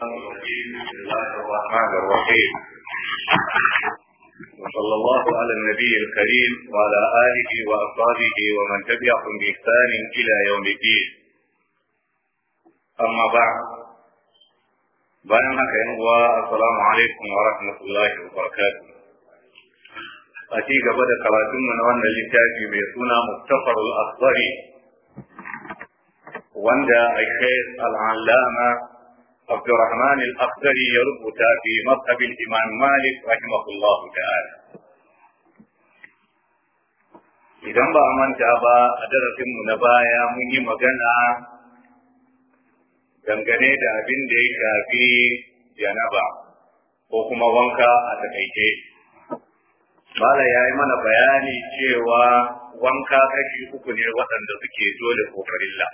بسم الله الرحمن الرحيم وصلى الله على النبي الكريم وعلى آله وأصحابه ومن تبعهم بإحسان إلى يوم الدين أما بعد بينك ينوى السلام عليكم ورحمة الله وبركاته أتيك بدأ كراتم من وانا لتاجي بيتنا مختصر الأخضر وأن الشيخ العلامة عبد الرحمن الأخضري يربط في مذهب الإمام مالك رحمه الله تعالى idan ba a manta ba a darasinmu na baya mun yi magana da abin da ya shafi janaba ko kuma wanka a takaice. Bala ya yi mana bayani cewa wanka kashi uku ne waɗanda suke dole ko farilla.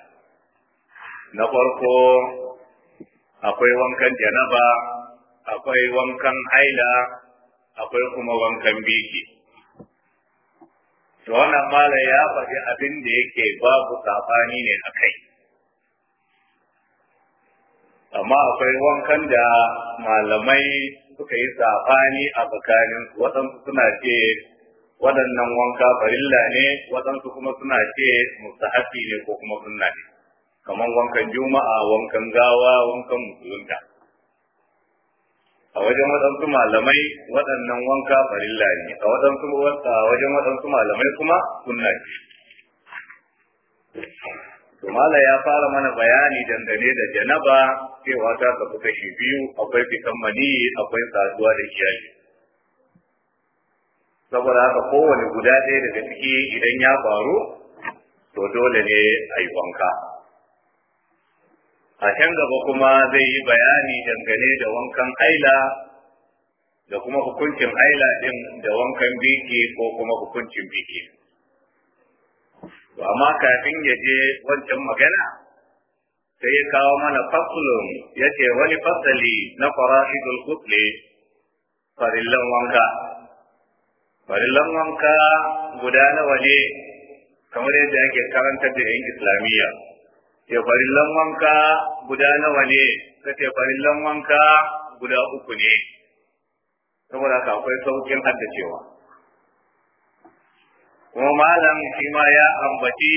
Na farko akwai wankan janaba akwai wankan haila akwai kuma wankan biki to wannan mala ya faɗi abin da yake babu sabani ne a kai amma akwai wankan da malamai suka yi sabani a tsakanin waɗansu suna ce waɗannan wanka farilla ne waɗansu kuma suna ce mustahabi ne ko kuma sunna ne kamar wankan juma'a wankan gawa wankan musulunta a wajen waɗansu malamai waɗannan wanka farilla ne a waɗansu wajen waɗansu malamai kuma sunna to Tumala ya fara mana bayani dangane da janaba cewa ta tafi kashi biyu akwai fitan mani akwai saduwa da iyali. Saboda haka kowane guda ɗaya daga ciki idan ya faru to dole ne a yi wanka. a can gaba kuma zai yi bayani dangane da wankan aila da kuma hukuncin aila din da wankan biki ko kuma hukuncin biki amma kafin ya je wancan magana sai ya kawo mana fasulun ya ce wani fasali na fara'idul kutle farillan wanka farillan wanka guda nawa ne kamar yadda ake karantar da yan islamiyya ce wanka guda nawa ne ka ce wanka guda uku ne saboda ka akwai saukin haddacewa kuma malam shi ma ya ambaci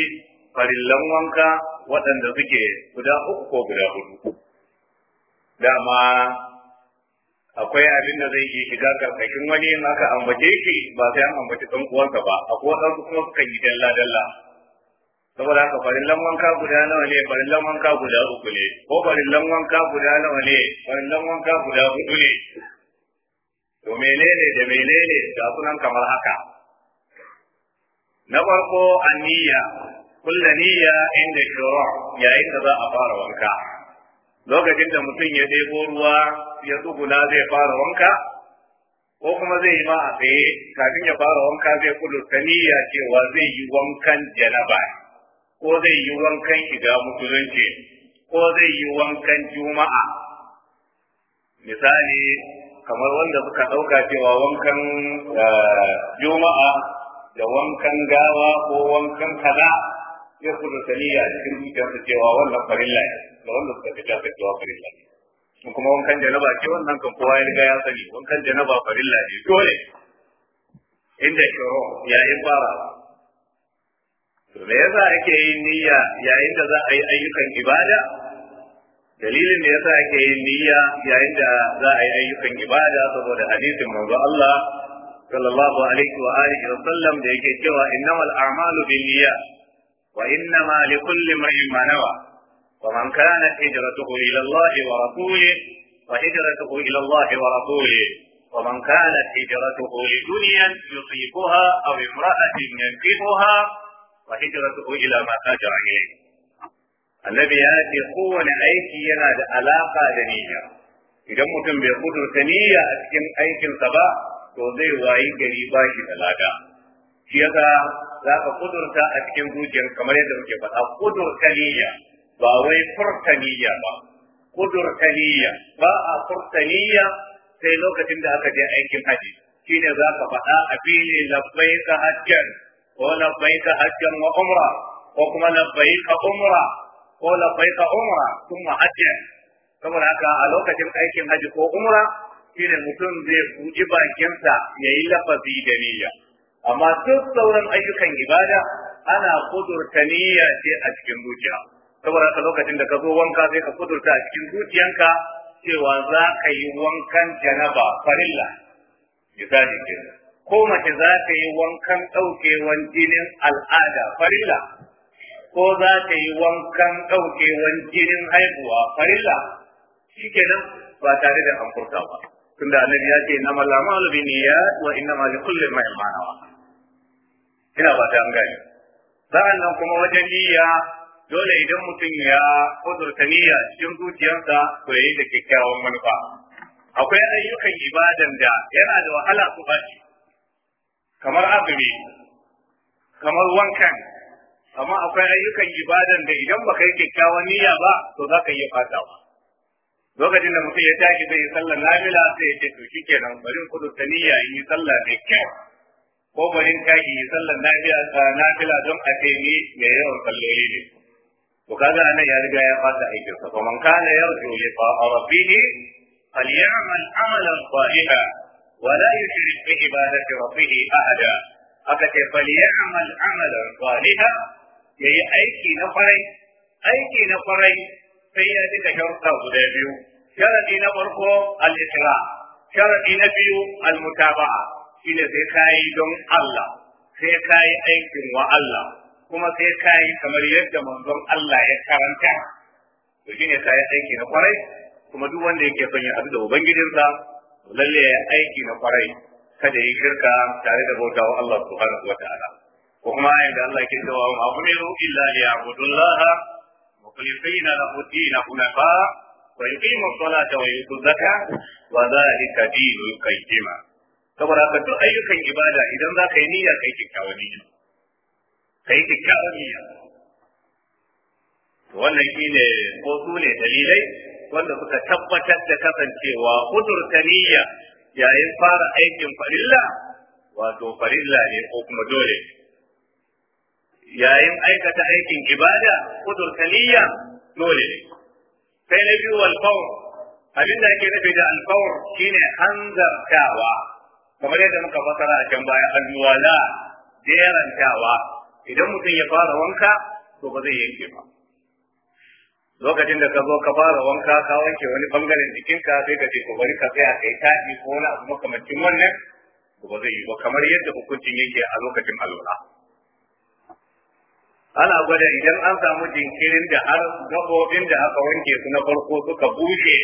farillan wanka waɗanda suke guda uku ko guda hudu dama akwai abin da zai yi shiga karkashin wani in aka ambace shi ba sai an ambaci ɗan uwansa ba akwai waɗansu kuma sukan yi dalla-dalla saboda haka farillan wanka guda nawa ne farillan wanka guda uku ne ko farillan wanka guda nawa ne farillan wanka guda hudu ne to menene da menene ga sunan kamar haka na farko anniya kullu niyya inda shuru yayin da za a fara wanka lokacin da mutum ya ɗebo ruwa ya tsuguna zai fara wanka ko kuma zai yi ma a tsaye kafin ya fara wanka zai kudurta niyya cewa zai yi wankan janaba ko zai yi wankan shiga musulunci ko zai yi wankan juma'a misali kamar wanda suka ɗauka cewa wankan eh, juma'a da wankan gawa ko wankan kaza ya kudu saniya a cikin zuciyarsa cewa wannan farilla ne da wanda suka fi jasa cewa farilla ne in kuma wankan janaba ce wannan kan kowa ya riga ya sani wankan janaba farilla ne dole inda shiro yayin farawa me yasa ake yin niyya yayin da za a yi ayyukan ibada dalilin da yasa ake yin niyya yayin da za a yi ayyukan ibada saboda hadisin manzo Allah sallallahu alaihi wa alihi wa sallam da yake cewa innamal a'malu binniyat wa innama likulli imrin ma nawa wa man kanat hijratuhu ila Allah wa rasulihi wa hijratuhu ila Allah wa rasulihi ومن كانت هجرته لدنيا يصيبها أو امرأة ينكحها وهجرته إلى ما هاجر إليه الذي يأتي قوة أيكي ينا علاقة دنيا idan mutum bai kudurta niyya a cikin aikinsa ba to zai wayi gari bashi shi da lada shi yasa za ka kudurta a cikin zuciyar kamar yadda muke faɗa kudurta niyya ba wai furta niyya ba kudurta niyya ba a furta niyya sai lokacin da haka je aikin haji shine za ka faɗa a fili labbaika hajjan ko labbaika hajjan wa umra ko kuma labbaika umra ko labbaika umra kuma hajjan saboda haka a lokacin aikin haji ko umra shine mutum zai buɗe bakinsa ya yi lafazi da niyya amma duk sauran ayyukan ibada ana kudurta niyya ce a cikin zuciya saboda haka lokacin da ka zo wanka sai ka kudurta a cikin zuciyanka cewa za ka yi wankan janaba farilla misali kenan ko mace za ta yi wankan ɗaukewan jinin al'ada farilla ko za ta yi wankan ɗaukewan jinin haihuwa farilla shi kenan ba tare da an ba ba tunda annabi ya ce na malama al wa inna ma li kulli yamana wa ina ba ta nan kuma wajen niyya dole idan mutum ya kudurta niyya cikin zuciyarsa to yi da kyakkyawan manufa akwai ayyukan ibadan da yana da wahala su bashi kamar azumi kamar wankan amma akwai ayyukan ibadan da idan baka yi kyakkyawan niyya ba to za ka iya fatawa lokacin da mutum ya tashi zai yi sallar lamila sai ya ce to shikenan bari kudurta niyya in yi sallah da kyau ko bari tashi yi sallar nafila don a ce ni mai yawan salloli ne to kaga anan ya riga ya fata aikin sa to man kana yarju liqa rabbih falyamal amalan salihan ولا يشرك بعبادة ربه أحدا أكتب فليعمل عملا صالحا يي أيكي نفري أيكي نفري سيئة تشرطة ودابيو شرطي نفرقه الإسراء شرطي نبيو المتابعة إلى سيكاي دون الله سيكاي أيكي وألّه kuma sai ka yi kamar yadda manzon Allah ya karanta to shine ka yi aiki na kwarai kuma duk wanda yake son ya haɗu da ubangijinsa lalle ya aiki na kwarai kada yi shirka tare da bauta wa Allah subhanahu wa ta'ala ko kuma yadda Allah ke cewa wa umiru illa liya'budullaha mukhlisina lahu din hunafa wa yuqimu as-salata wa yutu zakata wa dhalika dinul qayyim saboda ka duk ayyukan ibada idan za ka yi niyya kai kikkiawar niyya kai kikkiawar niyya wannan shine ko su ne dalilai wanda suka tabbatar da kasancewa kudurta niyya yayin fara aikin farilla wato farilla ne ko kuma dole yayin aikata aikin ibada kudurta niyya dole ne sai na biyu alfawar abin da ake nufi da alfawar shine hanzartawa kamar yadda muka fasara a can baya alwala jerantawa idan mutum ya fara wanka to ba zai yanke ba lokacin da ka zo ka fara wanka ka wanke wani bangaren jikinka sai ka ce ko bari ka tsaya kai yi ko wani abu makamancin wannan to ba zai yi ba kamar yadda hukuncin yake a lokacin alwala ana gwada idan an samu jinkirin da har gabobin da aka wanke su na farko suka bushe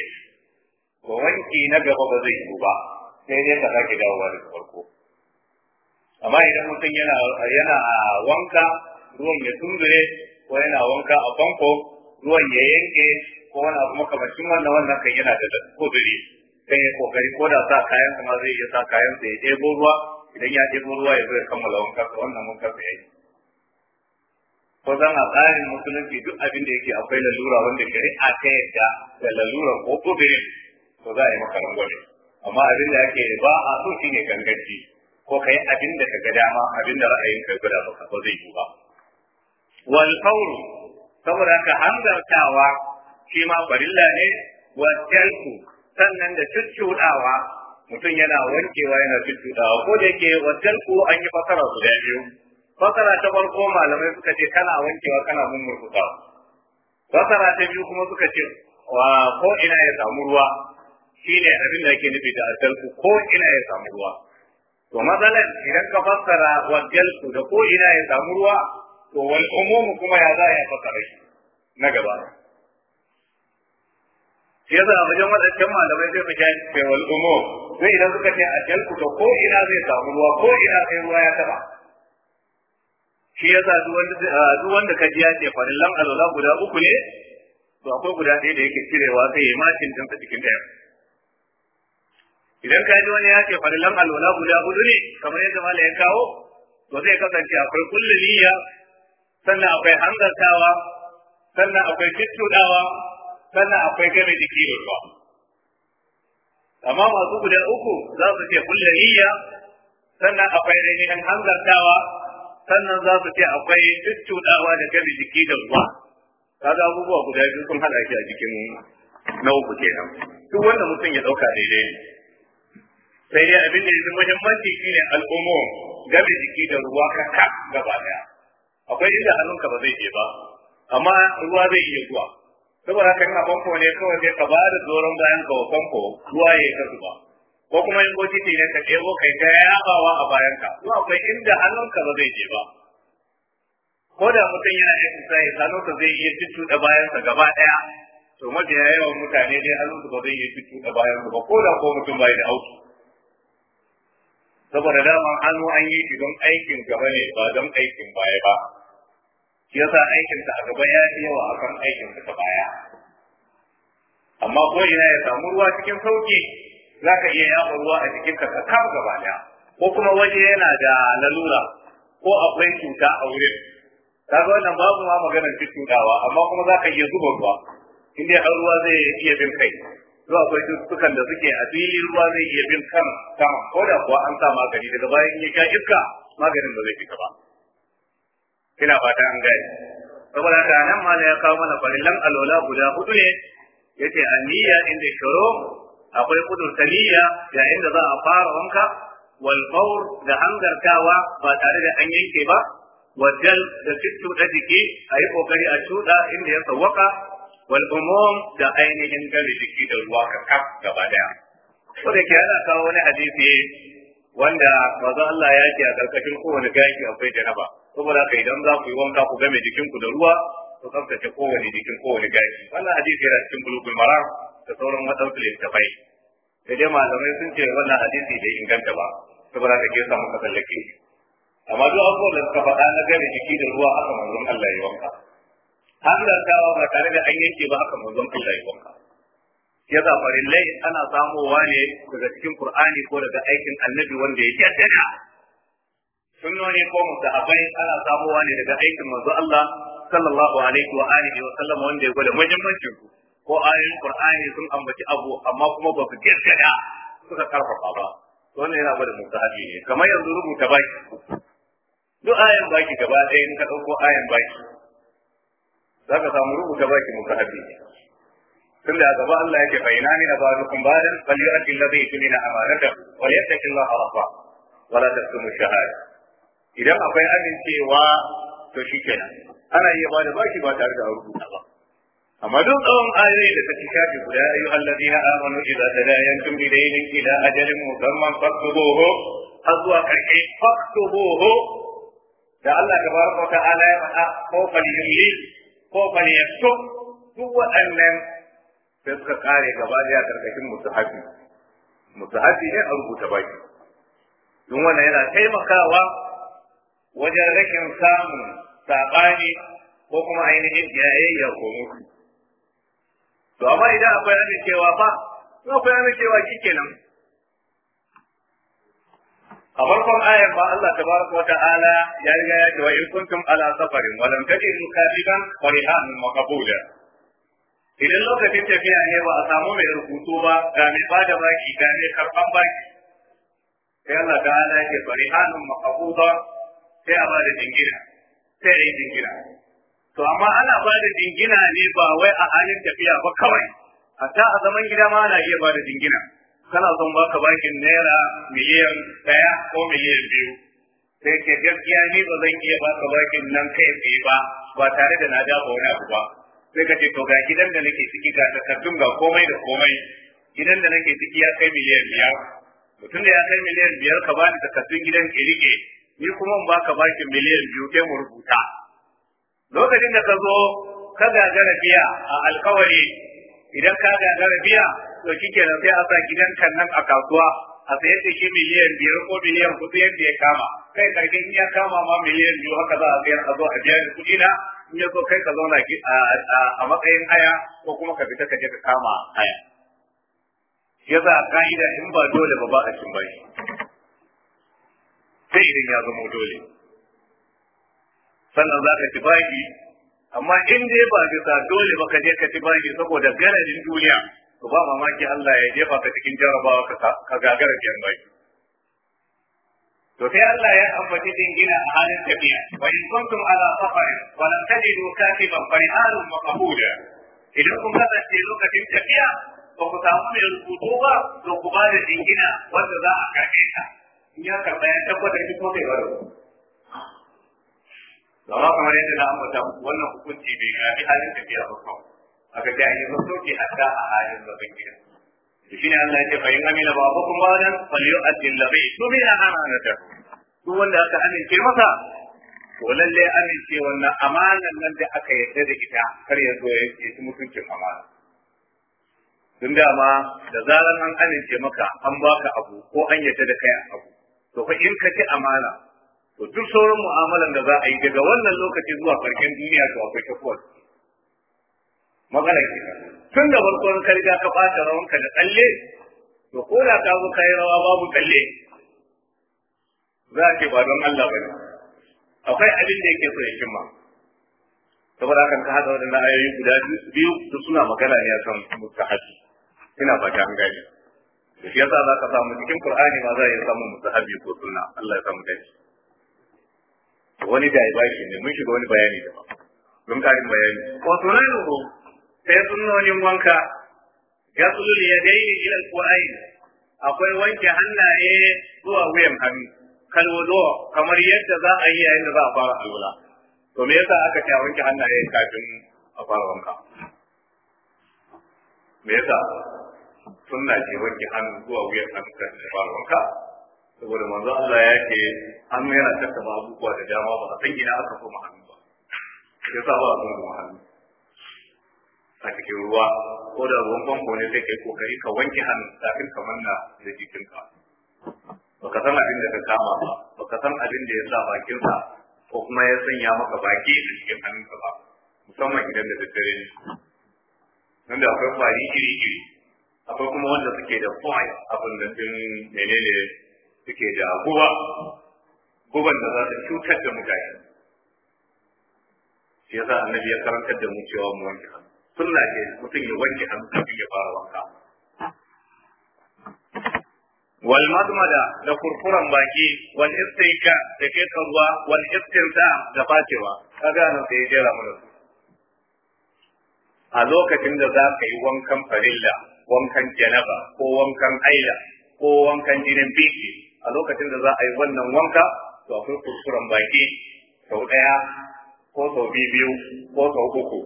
ko wanki na gaba ba zai yi ba sai dai ka sake dawowa daga farko amma idan mutum yana yana wanka ruwan ya tumbure ko yana wanka a famfo ruwan ya yanke ko wani abu makamacin wannan wannan kan yana da kuduri sai ya kokari ko da sa kayan ma zai iya sa kayan sa ya ɗebo ruwa idan ya ɗebo ruwa ya zo kammala wanka, sa wannan wankan sa yi ko zan a tsarin musulunci duk abin da yake akwai lalura wanda shari'a ta yadda da lalura ko kudurin to za a yi maka rangwame amma abin da yake ba a so ne gangaji ko kai abin da ka ga dama abinda da ra'ayin ka guda maka ba zai yi ba wal fawru saboda ka hanzartawa shi ma farilla ne wa jalku sannan da cuccuɗawa mutum yana wankewa yana cuccuɗawa ko da yake wa jalku an yi fasara guda biyu fasara ta farko malamai suka ce kana wankewa kana mummurkuta fasara ta biyu kuma suka ce wa ko ina ya samu ruwa Shi ne, abin da ake nufi da ajalku ko ina ya samu ruwa to matsalar idan ka fassara wa jalku da ko ina ya samu ruwa to wal umumu kuma ya za a yi fassara na gaba sai yasa a wajen wadancan malamai sai su gani sai wal umum sai idan suka ce a jalku to ko ina zai samu ruwa ko ina sai ruwa ya taba shi za duk wanda ka ji ya ce farillan alwala guda uku ne to akwai guda ɗaya da yake cirewa sai ya makin din sa cikin ɗaya idan ka ji wani ya ce farillan alwala guda hudu ne kamar yadda malam ya kawo to zai kasance akwai kullu niyya sannan akwai hanzartawa sannan akwai tuttuɗawa sannan akwai game da ruwa. amma masu guda uku za su ce kulle sannan akwai ainihin hanzartawa sannan za su ce akwai tuttuɗawa da game jiki da ruwa kaga abubuwa guda biyu sun hada shi a cikin nau'u uku kenan duk wanda mutum ya ɗauka daidai ne sai dai abin da ya fi muhimmanci shine al'umma game jiki da ruwa kaka gaba daya akwai inda hannunka ba zai je ba amma ruwa zai iya zuwa saboda haka ina famfo ne kawai sai ka ba da doron bayan ka wa famfo ruwa ya ta zuba ko kuma in bokiti ne ka ɗebo kai ta yabawa a bayan ka zuwa akwai inda hannunka ba zai je ba ko da mutum yana yin tsaye hannunka zai iya da bayan sa gaba ɗaya to mafiya yawan mutane dai hannunka ba zai iya da bayan sa ba ko da ko mutum bai da auki saboda daman hannu an yi shi don aikin gaba ne ba don aikin baya ba shi yasa aikin ta a gaba ya fi yawa akan aikin ta baya amma ko ina ya samu ruwa cikin sauki zaka iya yawon ruwa a cikin ka kaf gaba daya ko kuma waje yana da lalura ko akwai cuta a wurin kaga wannan babu ma maganar cutawa amma kuma zaka iya zuba ruwa inda har ruwa zai iya bin kai zuwa akwai cututtukan da suke a fili ruwa zai iya bin kan sama ko da kuwa an sa magani daga bayan ya sha iska maganin ba zai fita ba ina fata an gane saboda ta nan ma ya kawo mana farillan alola guda hudu ne yace aniyya inda shuru akwai kudur taniya yayin da za a fara wanka wal fawr da hangartawa ba tare da an yanke ba wajal da cutu da jiki a yi kokari a cuɗa inda ya sawwaka wal da ainihin gami jiki da ruwa ka gaba daya ko da kawo wani hadisi wanda manzo Allah ya ce a karkashin kowane gaki akwai janaba saboda kai idan za ku yi wanka ku game jikin ku da ruwa ku tsaftace kowane jikin kowane gaki wannan hadisi yana cikin bulugul mara da sauran wadansu littafai da dai malamai sun ce wannan hadisi bai inganta ba saboda ka ke samu kasallake amma duk abubuwan da suka faɗa na game jiki da ruwa haka manzon Allah ya wanka hanzartawa ba tare da an yanke ba haka manzon Allah ya wanka ya za farillai ana samowa ne daga cikin Qur'ani ko daga aikin annabi wanda ya jaddada sunnoni ko mutahabbai ana samowa ne daga aikin manzo Allah sallallahu alaihi wa alihi wa sallam wanda ya gwada muhimmancin ko ayoyin Qur'ani sun ambaci abu amma kuma ba su jaddada suka karfafa ba wannan yana gwada mutahabbi ne kamar yanzu rubuta baki duk ayan baki gaba ɗaya in ka ɗauko ayan baki za ka samu rubuta baki muka hafi tun da gaba Allah yake bayyana ni na ba'dukum ba'dan fal yu'ti alladhi yulina amanata wa yattaqi Allah rabba wala la taktumu shahada idan akwai amincewa to shikenan ana iya bada baki ba tare da rubuta ba amma duk tsawon ayoyi da take shafi guda ayu alladina amanu idza tadayantum bi daynin ila ajalin musamman faktubuhu har zuwa karshe faktubuhu da Allah tabaraka wa ta'ala ya faɗa ko fal yumli ko falyastu duk waɗannan sai suka kare gaba daya karkashin Musu hafi ne a rubuta baki don wannan yana taimakawa wajen rakin samun saɓani ko kuma ainihin yayayya ko mutu to amma idan akwai amincewa fa in akwai amincewa nan a farkon ayar ba Allah tabaraka wata'ala ya riga ya ce wa in kuntum ala safarin wa lam tajidu katiban farihan maqbuda idan lokacin tafiya ne ba a samu mai rubutu ba ga mai bada baki ga mai karban baki sai Allah ta'ala ya ce farihan maqbuda sai a bada dingina sai a yi dingina to amma ana bada dingina ne ba wai a halin tafiya ba kawai hatta a zaman gida ma ana iya bada dingina kana son baka bakin naira miliyan daya ko miliyan biyu sai ke gaskiya ni ba zan iya baka bakin nan kai tsaye ba ba tare da na ba wani abu ba sai ka ce to ga gidan da nake ciki ga takardun ga komai da komai gidan da nake ciki ya kai miliyan biyar mutum da ya kai miliyan biyar ka bani takardun gidan ke rike ni kuma ba ka bakin miliyan biyu ke mu rubuta lokacin da ka zo ka gagara biya a alkawari idan ka gagara rabiya, to kike da sai a sa kan nan a kasuwa a sayar da shi miliyan biyar ko miliyan kuɗi yadda ya kama kai karkin in ya kama ma miliyan biyu haka za a sayar a zo a biya ni kuɗi na in ya so kai ka zauna a matsayin haya ko kuma ka fita ka je ka kama haya Ya a ka'ida in ba dole ba ba a cin bai sai idan ya zama dole sannan za ka ci baki. amma in dai ba bisa dole ba ka je ka ci bashi saboda garadin duniya to ba mamaki Allah ya jefa ka cikin jarabawa ka gagara ke mai to sai Allah ya ambaci gina a halin tafiya wa in kuntum ala safar wa lam tajidu katiban farihalun maqbuda idan kun ce lokacin tafiya ba ku samu mai rubutu ba to ku ba da dingina wanda za a karɓe ta in ya karɓa ya tabbatar ki ko kai ba gaba kamar yadda na ambata muku wannan hukunci bai shafi halin tafiya ba kawai aka ce an yi masauki hatta a halin zaman gida shi ne Allah ya ce in amina ba ba kuma nan faliyu addin labai su bi na amana ta duk wanda aka amince masa to lalle amince wannan amanan nan da aka yarda da ita kar ya zo ya ci mutuncin amana tun da ma da zaran an amince maka an baka abu ko an yarda da kai abu to fa in ka ci amana to duk sauran mu'amalan da za a yi daga wannan lokaci zuwa farkon duniya to akwai takuwar magana ke tun da farkon ka riga ka rawanka da tsalle to ko da ka zo kayi rawa babu tsalle za a ce ba don Allah ba ne akwai abin da yake so ya cimma saboda hakan ka haɗa waɗannan ayoyi guda biyu su suna magana ne akan mustahabi ina fata an gane shi yasa za ka samu cikin Qur'ani ma za a iya samun mustahabi ko sunna Allah ya samu dace wani shi ne mun shiga wani bayani da don karin bayani sunan ko sai sunnonin wanka gasulul yadaini ila alqa'in akwai wanke hannaye zuwa wuyan hannu kal wudu kamar yadda za a yi yayin da za a fara alwala to me yasa aka ce wanke hannaye kafin a fara wanka me yasa sunna ce wanke hannu zuwa wuyan hannu kafin a fara wanka saboda manzo Allah ya ce hannu yana tattaba abubuwa da dama ba a san ina aka koma hannu ba ya sa ba a san kuma hannu a cikin ruwa ko da ruwan famfo ne zai kai kokari ka wanke hannu kafin ka manna da jikinka baka san abin da ka kama ba baka san abin da ya sa bakinsa ko kuma ya sanya maka baki a cikin hannunka ba musamman idan da daddare ne nan da akwai kwari iri-iri akwai kuma wanda suke da fire abin da sun menene suke da guba guban da za ta cutar da mutane shi yasa annabi ya karantar da mu cewa mu wanke hannu sunna ce mutum ya wanke hannu kafin ya fara wanka wal madmada da kurkuran baki wal istinka da ke ruwa wal istinta da bacewa kaga nan sai ya jera mana a lokacin da za ka yi wankan farilla wankan janaba ko wankan aila ko wankan jinin bishi a lokacin da za a yi wannan wanka to akwai kuskuren baki sau ɗaya ko sau biyu ko sau uku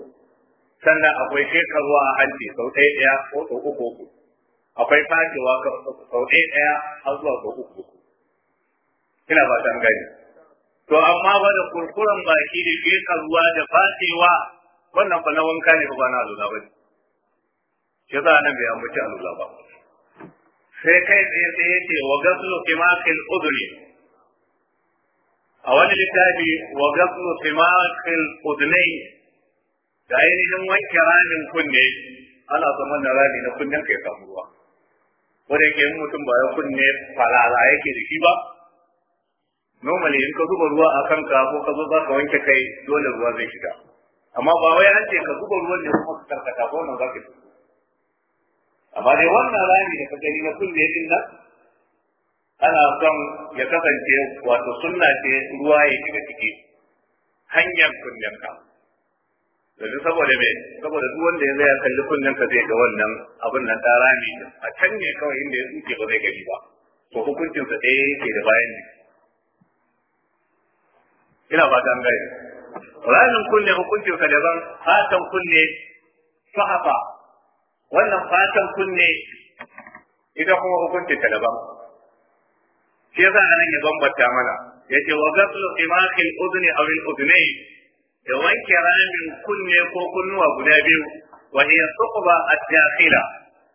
sannan akwai shekarwa a hanci sau ɗaya ɗaya ko sau uku uku akwai fashewa sau ɗaya ɗaya har zuwa sau uku uku ina ba ta gani to amma ba da kurkuren baki da shekarwa da fashewa wannan fa na wanka ne ba na alula ba ne shi za a nan bai ambaci alula ba sai kai tsaye sai ce wa gaslu simakil udni a wani littafi wa gaslu simakil udnai da ainihin wanke ranin kunne ana zaman da rani na kunnen kai samu ruwa wanda yake yin mutum ba ya kunne falala yake da shi ba normally in ka zuba ruwa a kanka ko ka zo za ka wanke kai dole ruwa zai shiga amma ba wai an ce ka zuba ruwan ne kuma ka karkata ko nan za ka amma dai wannan rami da ka ni na kulle din nan ana son ya kasance wato sunna ce ruwa ya shiga kike hanyar kunnen ka Duk saboda me saboda duk wanda ya zai kalli kunnen ka zai ga wannan abin nan ta rami a can ne kawai inda ya tsuke ba zai gani ba to sa ɗaya yake da bayan ne ina ba ta ngai ramin kunne hukuncinsa daban fatan kunne fahafa wannan fatan kunne ita kuma hukunci ta daban shi yasa anan ya bambanta mana Ya ce wa ghaslu imakhil udni aw al udnayn da wanke ramin kunne ko kunnuwa guda biyu wa hiya suqba ad-dakhila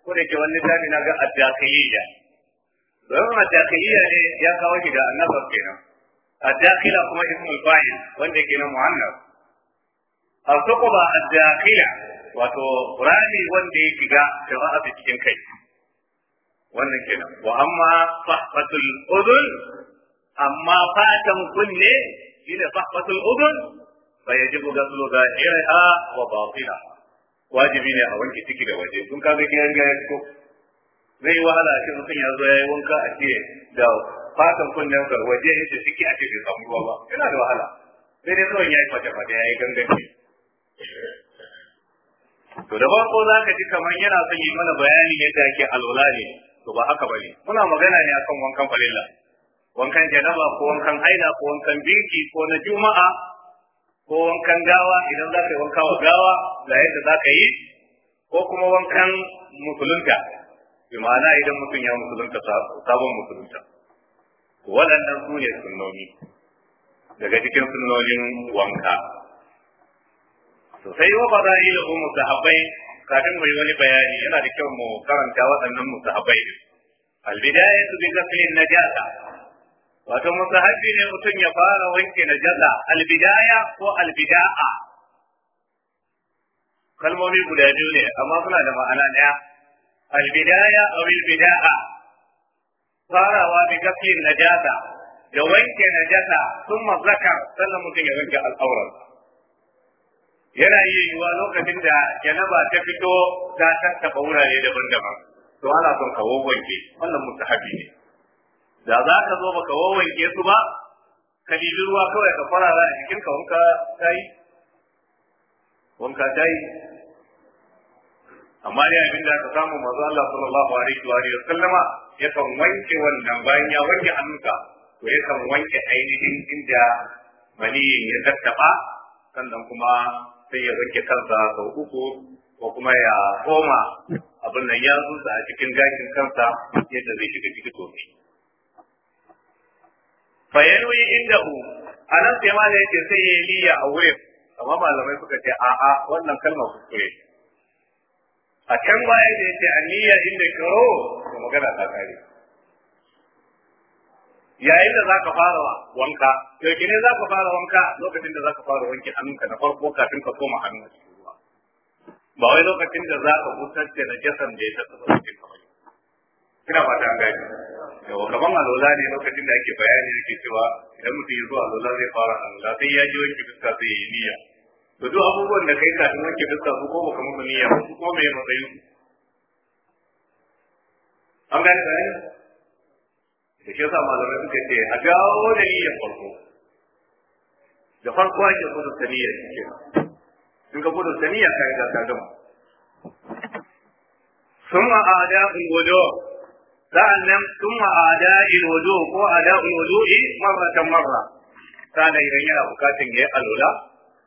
ko da ke wani tabi na ga ad-dakhiliya don ad-dakhiliya ne ya kawo shi da annabab kenan ad-dakhila kuma ismul fa'il wanda ke na mu'annas al-suqba ad-dakhila wato rami wanda ya shiga jama'a ta cikin kai wannan kenan wa amma sahbatul udhun amma fatan kunne shine sahbatul udhun fa yajibu ghaslu zahiriha wa batinaha wajibi ne a wanke ciki da waje kun kaga kin ga ko zai wahala shi cikin mutum ya zo ya yi wanka a ce da fatan kunnen sa waje yake ciki a ce bai samu ruwa ba yana da wahala sai dai zuwan ya yi fata-fata ya yi to da farko za ka ji kamar yana son yi mana bayani yadda ake alwala ne to ba haka bane muna magana ne akan wankan farilla wankan janaba ko wankan haila ko wankan binki ko na juma'a ko wankan gawa idan za ka yi wanka wa gawa ga yadda za ka yi ko kuma wankan musulunta bi ma'ana idan mutum ya musulunta sabon musulunta waɗannan su ne sunnoni daga cikin sunnonin wanka to sai wa fada'ilu mustahabbai kafin mu yi wani bayani yana da kyau mu karanta waɗannan ne din albidayatu bi ghasli najasa wato mustahabbi ne mutum ya fara wanke najasa albidaya ko albida'a kalmomi guda biyu ne amma suna da ma'ana ɗaya albidaya aw albida'a farawa bi ghasli najasa da wanke najasa thumma zakar sannan mutum ya wanke al'auransa yana iya yiwuwa lokacin da janaba ta fito za ta taɓa wurare daban-daban to ana son kawo wanke. wannan mustahabi ne da za ka zo baka wanke su ba ka bi ruwa kawai ka farara a cikin ka wanka tayi wanka tayi amma dai abin da aka samu manzo Allah sallallahu alaihi wa sallama yakan wanke wannan bayan ya wanke hannunka to yakan wanke ainihin inda maniyin ya tattaba sannan kuma sai ya wanke kansa sau uku ko kuma ya koma abin nan ya zuza a cikin gashin kansa yadda zai shiga ciki bayanu yi inda hu, a nan sai ma ce yake sai ya yi niyya a wurin, amma malamai suka ce a'a wannan kalmar kuskure. A can baya ya yake a niyya inda kiro da magana ta kare. yayin da zaka fara wanka to ne zaka fara wanka lokacin da zaka fara wanke hannunka na farko kafin ka koma hannun cikin ruwa ba wai lokacin da zaka hutar da najasan da ya taɓa cikin ka ba kina fata an gaji yawa kaman alola ne lokacin da ake bayani yake cewa idan mutum ya zo alola zai fara alola sai ya ji wanke fuska sai ya yi niyya to duk abubuwan da kai kafin wanke fuska su ko baka musu niyya ba su ko me matsayin an gani ba da shi yasa malamai suka ce a dawo da niyyar farko da farko ake gudu ta niyyar shi kenan in ka gudu ta niyyar ka riga ta gama ثم أعداء الوجوه sa'annan sun ma'ada ilwudu ko ada ilwudu'i marratan marra sa'an idan yana bukatun ya yi alula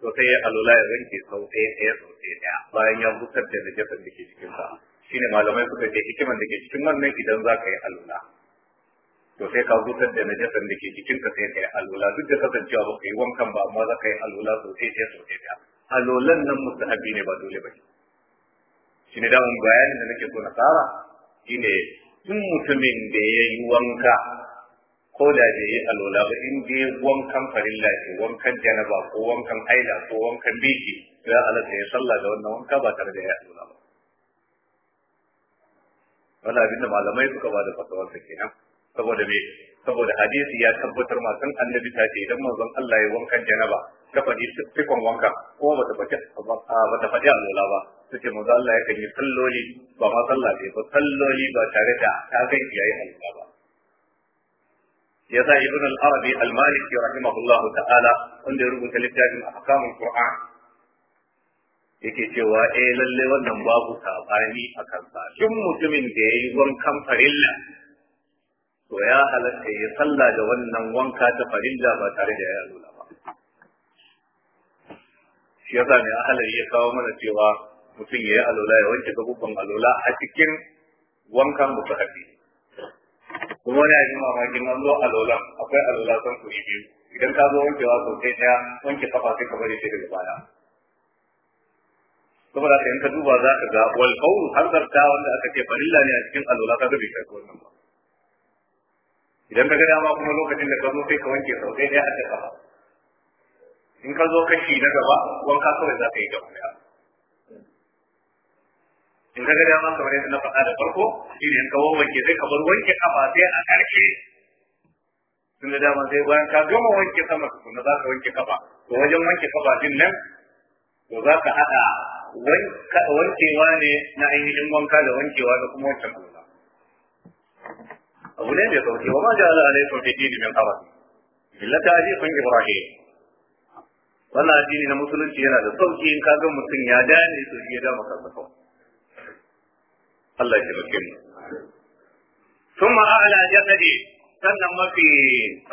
to sai ya alula ya wanke sau ɗaya ɗaya sau ɗaya ɗaya bayan ya busar da najasar da ke cikin sa shine malamai suka ce hikiman da ke cikin wannan idan za ka yi alula to sai ka zutar da najasan da ke jikin ka sai ka yi alola duk da kasancewa ba ka yi wankan ba amma za ka yi alola sosai sai sosai ta alolan nan mustahabi ne ba dole ba shi ne damun bayanin da nake so na fara ne tun mutumin da ya yi wanka ko da ya yi ba in dai wankan farilla ne wankan janaba ko wankan haila ko wankan biki ya halatta ya sallah da wannan wanka ba tare da ya alola ba Wani abin da malamai suka ba da fasawarsa kenan saboda me saboda hadisi ya tabbatar ma san annabi ta ce idan manzon Allah ya wankan janaba ta faɗi sifan wanka kuma bata faɗi bata faɗi alwala ba sace manzon Allah ya kan yi salloli ba ma sallah ce ba salloli ba tare da ta kai yi alwala ba yasa ibn al-arabi al-maliki rahimahullah ta'ala wanda ya rubuta littafin ahkamul qur'an yake cewa eh lalle wannan babu sabani a kansa shin mutumin da yayi wankan farilla to ya halatta ya salla da wannan wanka ta farilla ba tare da ya lula ba shi yasa ne ahalar ya kawo mana cewa mutum ya yi alola ya wanke gabubban alola a cikin wankan mutu haɗe kuma wani ajin mamakin an zo alola akwai alola son kuri biyu idan ka zo wankewa sosai ɗaya wanke kafa sai ka bari sai daga baya saboda haka in duba za ka ga wal qawl hanzarta wanda aka ce farilla ne a cikin alola ka ga bai kai wannan ba idan ka ga dama kuma lokacin da ka zo sai ka wanke sau sai dai ta kafa in ka zo kashi na gaba wanka kawai za ka yi da kuma in ka ga dama kamar yadda na faɗa da farko shi ne ka wanke sai ka bar wanke kafa sai a ƙarshe tun da dama sai bayan ka gama wanke sama tukuna za ka wanke kafa to wajen wanke kafa din nan to za ka haɗa wankewa ne na ainihin wanka da wankewa da kuma wancan abu ne mai sauki wa ma ja'ala alaikum fi dini min haraj millata abikum ibrahim wannan addini na musulunci yana da sauki in ka ga mutum ya dane to shi ya dama kansa kawai Allah ya taimake mu thumma a'la jasadi sannan mafi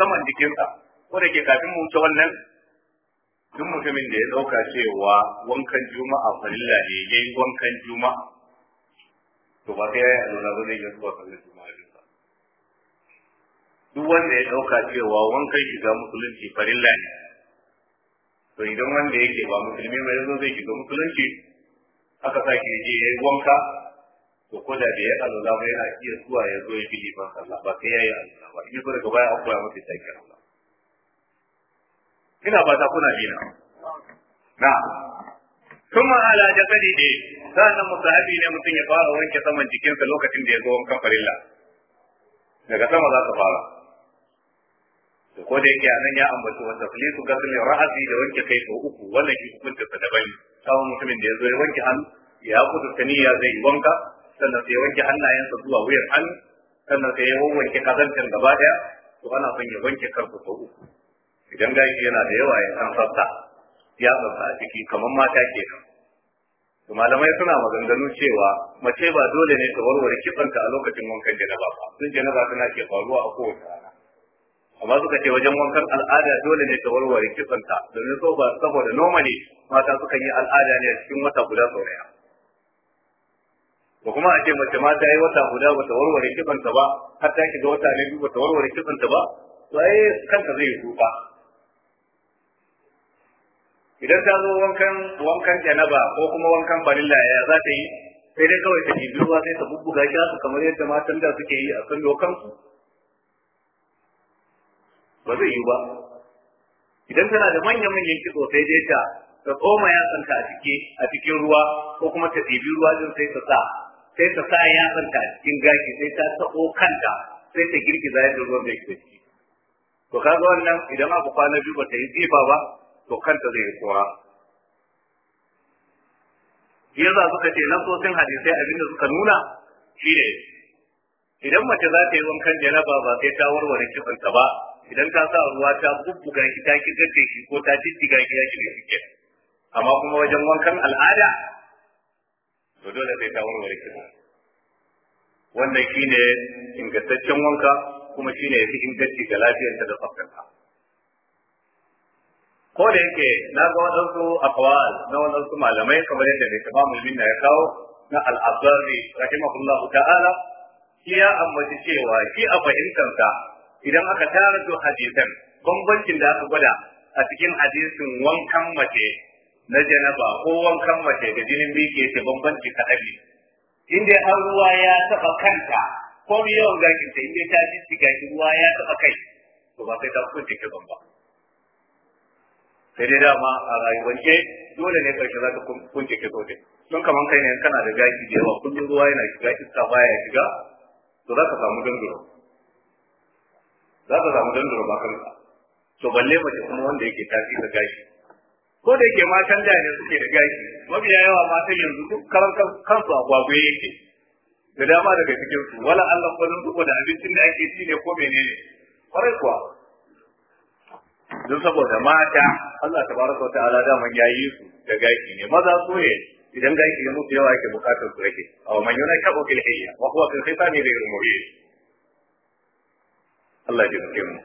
saman jikinsa ko da ke kafin mu wuce wannan duk mutumin da ya dauka cewa wankan juma'a farilla ne yayin wankan juma'a to ba sai ya nuna ba zai yi zuwa sallar juma'a duk wanda ya ɗauka cewa wankan shiga musulunci farilla ne to idan wanda yake ba musulmi mai yanzu zai shiga musulunci aka sake je ya yi wanka to ko da bai alwala ba yana iya zuwa ya zo ya bi liman Allah, ba sai ya yi alwala ba in daga baya an koya masa sake alwala ina ba ta kuna bina na kuma ala da kadi ne sannan musahabi ne mutum ya fara wanke saman jikinsa lokacin da ya zo wankan farilla daga sama za ka fara da ko da yake anan ya ambaci wa taflisu gasl ra'si da wanke kai sau uku wannan shi hukuncin da daban kawai mutumin da ya zo ya wanke hannu ya kudu taniya zai yi wanka sannan sai wanke hannayensa zuwa wuyan hannu sannan sai ya wanke kazantar gaba daya to ana son ya wanke kansa sau uku idan gashi yana da yawa ya san sassa ya tsafta ciki kamar mata kenan to malamai suna maganganu cewa mace ba dole ne ta warware kifanta a lokacin wankan janaba ba sun ba tana ke faruwa a kowace amma suka ce wajen wankan al'ada dole ne ta warware kitsanta domin so ba saboda normally mata sukan yi al'ada ne a cikin wata guda sau daya ba kuma a ce mace ma ta yi wata guda ba ta warware kitsanta ba har ta shiga wata ne biyu ba ta warware kitsanta ba to ai kanta zai yi duka idan ta zo wankan wankan janaba ko kuma wankan balilla ya za ta yi sai dai kawai ta yi ruwa sai ta bubbuga shi kamar yadda matan da suke yi a sun kansu ba zai yi ba idan tana da manyan manyan kitso sai dai ta ta tsoma ya a cike a cikin ruwa ko kuma ta ɗibi ruwa din sai ta sa sai ta sa yatsanta a cikin gashi sai ta taɓo kanta sai ta girgiza yadda ruwan zai shiga to kaga wannan idan aka kwana biyu ba ta yi tsifa ba to kanta zai yi kowa za suka ce sosin hadisai abinda suka nuna shi ne idan mace za ta yi wankan janaba ba sai ta warware kifanta ba idan ka sa ruwa ta bubbuga shi ta kirgar da shi ko ta jijjiga shi ya shirya suke amma kuma wajen wankan al'ada to dole sai ta warware kisa wannan shine ingantaccen wanka kuma shine yafi inganci ga lafiyarta da ka ko da yake na ga waɗansu aqwal na waɗansu malamai kamar yadda mai kama mulmin na ya kawo na al'azari rahimahullahu ta'ala shi ya ambaci cewa shi a fahimtarsa idan aka tara to hadisan bambancin da aka gwada a cikin hadisin wankan mace na janaba ko wankan mace da jinin biki yake bambanci ka dabi inda har ruwa ya taɓa kanta ko yawan gashin ta inda ta ji gashi ruwa ya taɓa kai to ba sai ta kunce ka ba sai dai dama a rayuwar ke dole ne karshe za ka kunce ke zote don kaman kai ne kana da gashi da yawa kullum ruwa yana shiga iska baya shiga to za ka samu gangaro za ka samu dandoro bakar ka to balle mace kuma wanda yake tafi da gashi ko da yake matan da ne suke da gashi mabiya yawa sai yanzu duk karan kansu a gwagwe yake da dama daga cikin su wala Allah ko kwanin duk da abincin da ake ci ne ko menene kwarai kuwa don saboda mata Allah tabaraka ta'ala da man yayi su da gashi ne maza su ne idan gashi ya mutu yawa yake bukatar su yake aw man yuna shabu fil hayya wa huwa fil khitami ghayr mubin Allah ya ji mu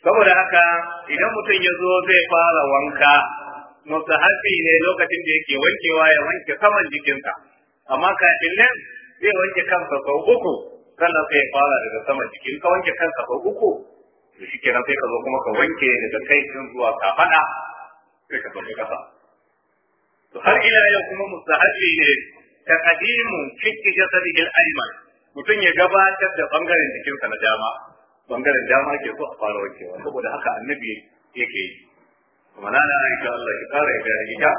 saboda haka idan mutum ya zo zai fara wanka hafi ne lokacin da yake wankewa ya wanke saman jikinsa amma kafin nan zai wanke kansa sau uku sannan sai ya fara daga saman jikin ka wanke kansa sau uku to shi kenan sai ka zo kuma ka wanke daga kai sun zuwa kafada sai ka sauke kasa to har ila yau kuma mustahabi ne ta kadimu cikin jasadihi al-ayman mutum ya gabatar da bangaren da jikinsa na dama bangaren dama ke so a fara wankewa saboda haka annabi yake yi kuma na na aisha Allah ya kara ya gare ita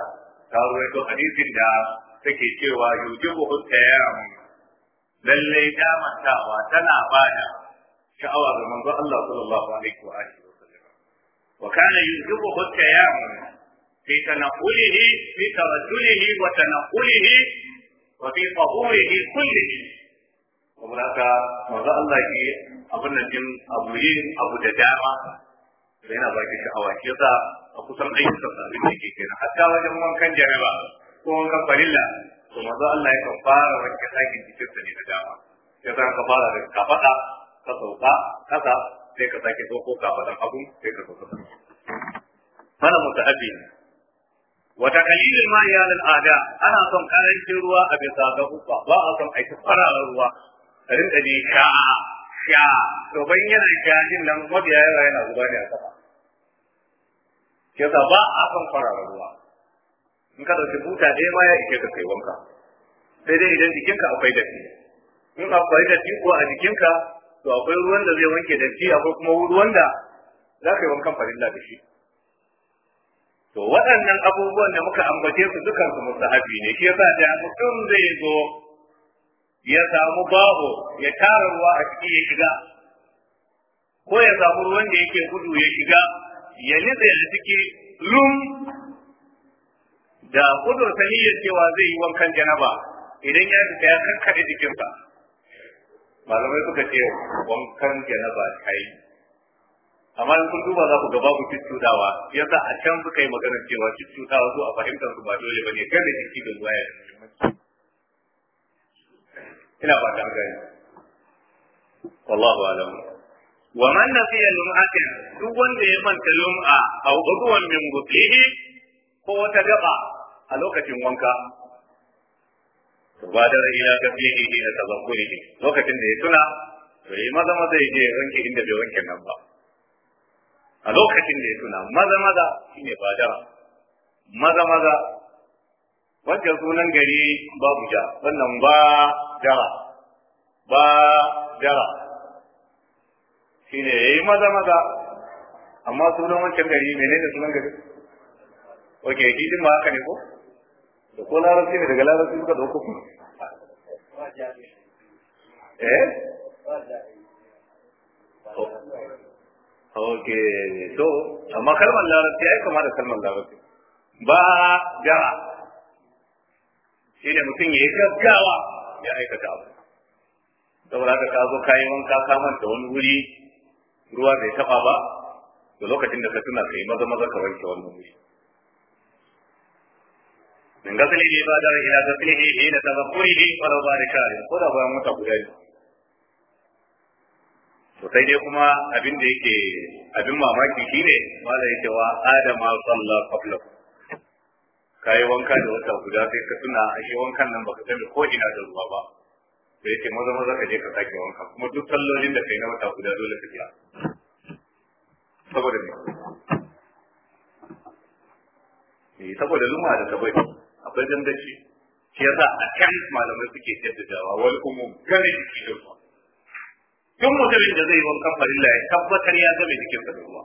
ta ruwaito hadisin da take cewa yujibu hutayyam lalle damantawa tana bada sha'awa ga manzo Allah sallallahu alaihi wa alihi wa sallam wa kana yujibu hutayam fi tanaqulihi fi tarajjulihi wa tanaqulihi wa fi tahulihi kullihi saboda haka manzo Allah ke abin nan din abu yi abu da dama da yana baki ki sha'awa shi sa a kusan aikin sa abin da yake kenan hatta wajen wankan jaraba ko wankan farilla to manzo Allah ya kan fara wanke sakin cikin sa ne da dama Ya za ka fara da kafada ka sauka kasa sai ka sake ko kafadan abu sai ka sauka fara mutahabbi wata kalilin ma iyalin ada ana son karancin ruwa a bisa ga uba ba a son aiki fararen ruwa rinka ji sha sha to ban yana sha din nan mabiya yawa yana zuba da kafa yasa ba a kan farara ruwa in ka dauki buta ɗaya ma ya ishe ka kai wanka sai dai idan jikinka akwai datti in akwai datti ko a jikinka to akwai ruwan da zai wanke datti akwai kuma ruwan da za ka yi wankan farilla da shi to waɗannan abubuwan da muka ambace su dukan su ne shi yasa da mutum zai zo ya samu baho ya tara ruwa a ciki ya shiga ko ya samu ruwan da yake gudu ya shiga ya nitsa a ciki lum. da kudur saniyar cewa zai yi wankan janaba idan ya fita ya karkade jikinsa malamai suka ce wankan janaba ta yi amma in kun duba za ku ga babu ya sa a can suka yi maganar cewa cuccudawa zuwa fahimtar su ba dole bane da jiki da ruwa ya ina ba ta gani wallahu alam wa man nafiya lum'atin duk wanda ya manta lum'a aw udwan min gutihi ko ta gaba a lokacin wanka Ba da ila kafihi ila tabakkuri lokacin da ya tuna to yi maza maza ya je wanke inda bai wanke nan ba a lokacin da ya tuna maza maza shine badara maza maza wancan sunan gari babu ja wannan ba jara ba jara shi ne maza maza amma sunan wancan gari menene sunan gari ok shi din ma haka ne ko da ko larabci ne daga larabci suka dauko ku eh ok to amma kalmar larabci ai kamar da kalmar larabci ba jara shine mutum ya yi gaggawa ya aikata abu saboda haka ka zo kayan wanka ka manta wani wuri ruwa zai taba ba da lokacin da ka tuna ka yi maza maza ka wanke wannan wuri min gasli ne ba da ila gasli ne ne da tabakkuri ne ba fara barika ko da bayan wata guda ne to sai dai kuma abin da yake abin mamaki shine malai yake wa adama sallallahu alaihi wasallam ka yi wanka da wata guda sai ka tuna a shi wankan nan baka sani ko ina da ruwa ba sai yake maza maza ka je ka sake wanka kuma duk sallolin da kai na wata guda dole ka biya saboda me eh saboda luma da sabai akwai dandaci shi yasa a kan malamai suke jaddadawa wal kuma gane jiki da ruwa duk mutumin da zai wankan farilla ya tabbatar ya zama jikinsa da ruwa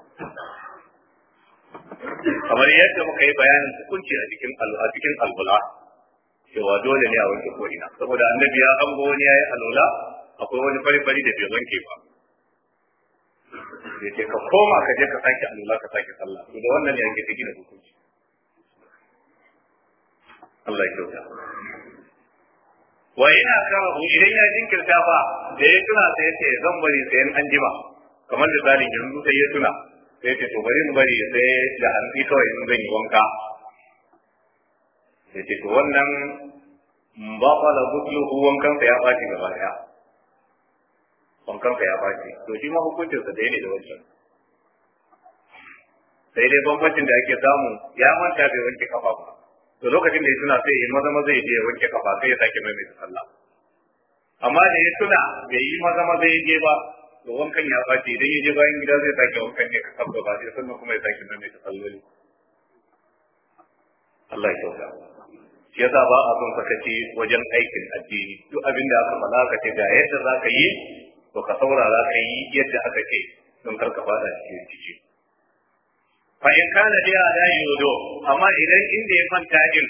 kamar yadda muka yi bayanin hukunci a cikin a cikin alwala cewa dole ne a wanke ko ina saboda annabi ya an ga wani yayi alwala akwai wani fari-fari da bai wanke ba Yake ka koma ka je ka sake alwala ka sake sallah to da wannan ne ake gina hukunci Allah ya kyauta wa ina karahu idan ya jinkirta ba da ya tuna sai ya ce zan bari sai an jima kamar da zalin yanzu sai ya tuna sai ce to bari mu bari sai da hantsi kawai in zan yi wanka sai ce to wannan ba fala butlu wankansa ya baci gaba ɗaya wankansa ya baci. to shi ma hukuncinsa da ya da wancan sai dai bambancin da ake samu ya manta bai wanke kafa ba to lokacin da ya tuna sai ya maza maza ya je ya wanke kafa sai ya sake mai mai sallah amma da ya tuna bai yi maza maza ya je ba da wankan ya bace, idan ya je bayan gida zai sake wankan ne ka sabga ba sai sannan kuma ya sake nan ne ka salloli Allah ya kyauta shi yasa ba a son sakaci wajen aikin addini duk abin da aka faɗa ka ce ga yadda za ka yi to ka za ka yi yadda aka ce don kar ka faɗa cikin rikici fa in kana da yi amma idan inda ya kwanta din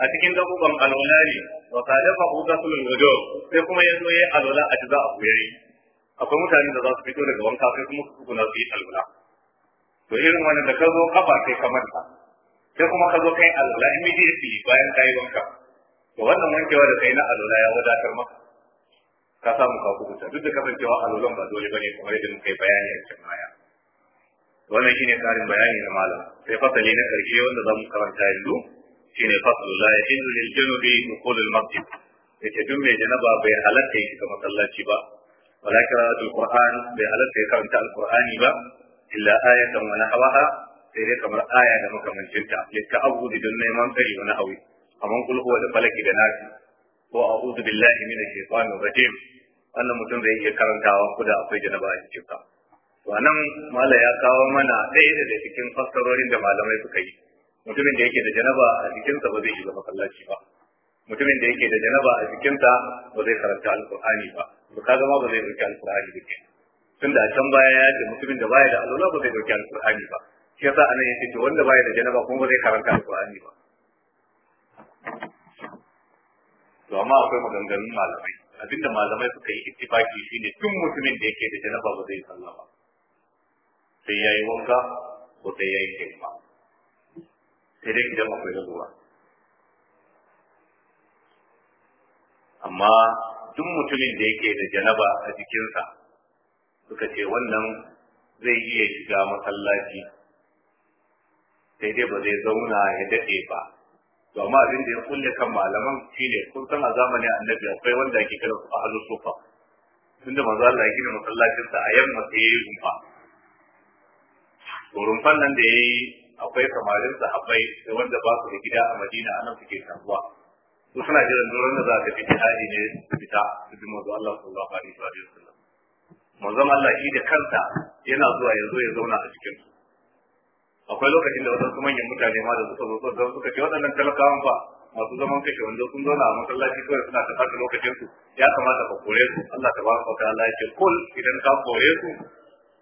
a cikin gabuban alwala ne wa qala fa udatul do sai kuma ya yazo ya alwala a za a kuyayi akwai mutane da za su fito daga wanka sai kuma su tsuguna su yi alwala to irin wannan da ka zo kafa sai ka manta sai kuma ka zo kai alwala immediately bayan ka yi wanka to wannan wankewa da kai na alwala ya wadatar maka ka samu ka kubuta duk da kasancewa alwalan ba dole bane kamar yadda muka yi bayani a cikin baya wannan shine tsarin bayani na malam sai fasali na karshe wanda za mu karanta yanzu shine faslu la yahillu lil junubi dukhul al masjid yake duk mai janaba bai halatta ya shiga masallaci ba wala qira'atu alquran bai halatta ya karanta alqurani ba illa ayatan wa nahwaha sai dai kamar aya da makamancinta litta'awudi don neman tsari wa nahwi kaman kul huwa falaki da nasi ko a'udhu billahi minash shaitanir rajim wannan mutum zai iya karantawa ko da akwai janaba a cikinka to anan ya kawo mana ɗaya daga cikin fassarorin da malamai suka yi mutumin da yake da janaba a jikinsa ba zai shiga masallaci ba mutumin da yake da janaba a jikinsa ba zai karanta alqur'ani ba to kaga ma ba zai dauki alqur'ani ba tun a can baya ya ce mutumin da baya da alwala ba zai dauki alqur'ani ba shi yasa anan yake to wanda baya da janaba kuma ba zai karanta alqur'ani ba to amma akwai maganganun malamai abinda malamai suka yi ittifaki shine tun mutumin da yake da janaba ba zai sallah ba sai yayi wanka ko sai yayi kemma sai dai idan akwai ruwa amma duk mutumin da yake da janaba a jikinsa suka ce wannan zai iya shiga masallaci sai dai ba zai zauna ya daɗe ba to amma abin da ya kulle kan malaman shine kun san a zamanin annabi akwai wanda ake kira su ahlus sufa tunda manzo Allah ya gina masallacin a yamma sai ya rumfa to rumfan nan da yayi akwai kamarin sahabbai da wanda ba su da gida a Madina anan suke kasuwa. su suna jiran duran da za ka fi jihadi ne fita su bi manzo Allah sallallahu alaihi wa sallam manzon Allah shi da kanta yana zuwa ya zo ya zauna a cikin su akwai lokacin da wasu manyan mutane ma da suka zo da suka ce waɗannan talakawan fa masu zaman kashe wanda sun zauna a masallaci kawai suna ta fata lokacin su ya kamata ka kore su Allah ta baka ta Allah yake kul idan ka kore su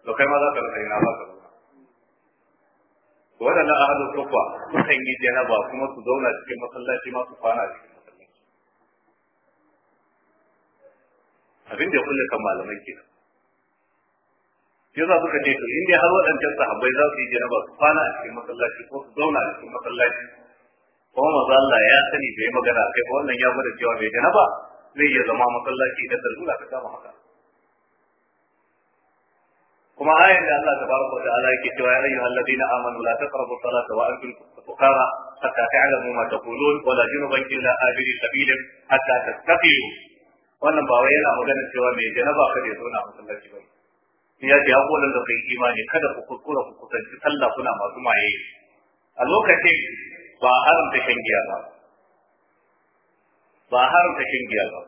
to kai ma za ka rasa ina ba ka zauna waɗannan ahadu sufa sukan yi ba kuma su zauna cikin masallaci ma su kwana cikin abin da ya kulle kan malamai kenan yasa suka ce to inda har waɗancan sahabbai za su yi jaraba su kwana a cikin masallaci ko su zauna a cikin masallaci kuma maza Allah ya sani bai magana kai ba wannan ya gwada cewa bai jaraba zai iya zama masallaci idan lalura ta kama haka kuma ayan da Allah tabaraka wa ta'ala yake cewa ya ayyuhal ladina amanu la taqrabu salata wa antum sukara hatta ta'lamu ma taqulun wa la junuban illa abiri sabilin hatta tastaqimu wannan ba wai yana magana cewa mai janaba kada ya zauna a masallaci ba ya ji abubuwan da kai imani kada ku kuskura ku kusanci sallah kuna masu maye a lokacin ba haramta shan giya ba ba haramta shan giya ba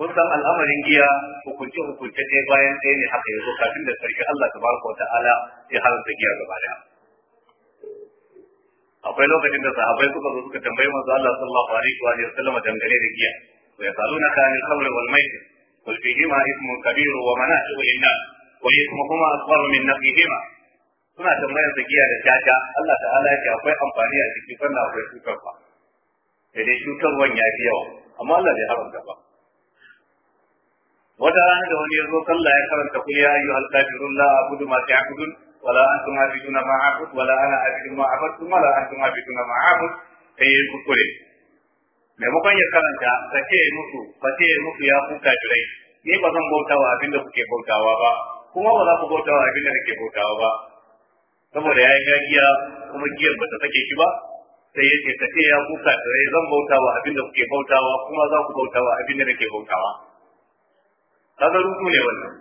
kun san al'amarin giya hukunce hukunce ɗaya bayan ɗaya ne haka yanzu kafin da sarki Allah Ta tabaraka Ta'ala ya haramta giya gaba daya akwai lokacin da sahabbai suka zo suka tambayi manzo Allah sallallahu alaihi wa sallam dangane da giya ويسألونك عن الخمر والميسر قل فيهما إثم كبير ومنافع للناس وإثمهما أكبر من نفيهما suna tambayar da giya da caca Allah ta'ala ya ce akwai amfani a ciki sannan akwai cutar ba da dai cutarwan ya fi yawa amma Allah bai haramta ba wata rana da wani ya zo sallah ya karanta kul ya ayyuhal kafirun la a'budu ma ta'budun wala antum abiduna ma a'bud wala ana abidu ma a'budtum wala antum abiduna ma a'bud sai ya kuskure maimakon ya karanta ka ce musu ka ce musu ya kuka kafirai ni ba zan bautawa abin da kuke bautawa ba kuma ba za ku bautawa abin da kuke bautawa ba saboda ya yi giya kuma giyar ba ta sake shi ba sai ya ce ka ce ya kuka kafirai zan bautawa abin da kuke bautawa kuma za ku bautawa abin da kuke bautawa kaga rudu ne wannan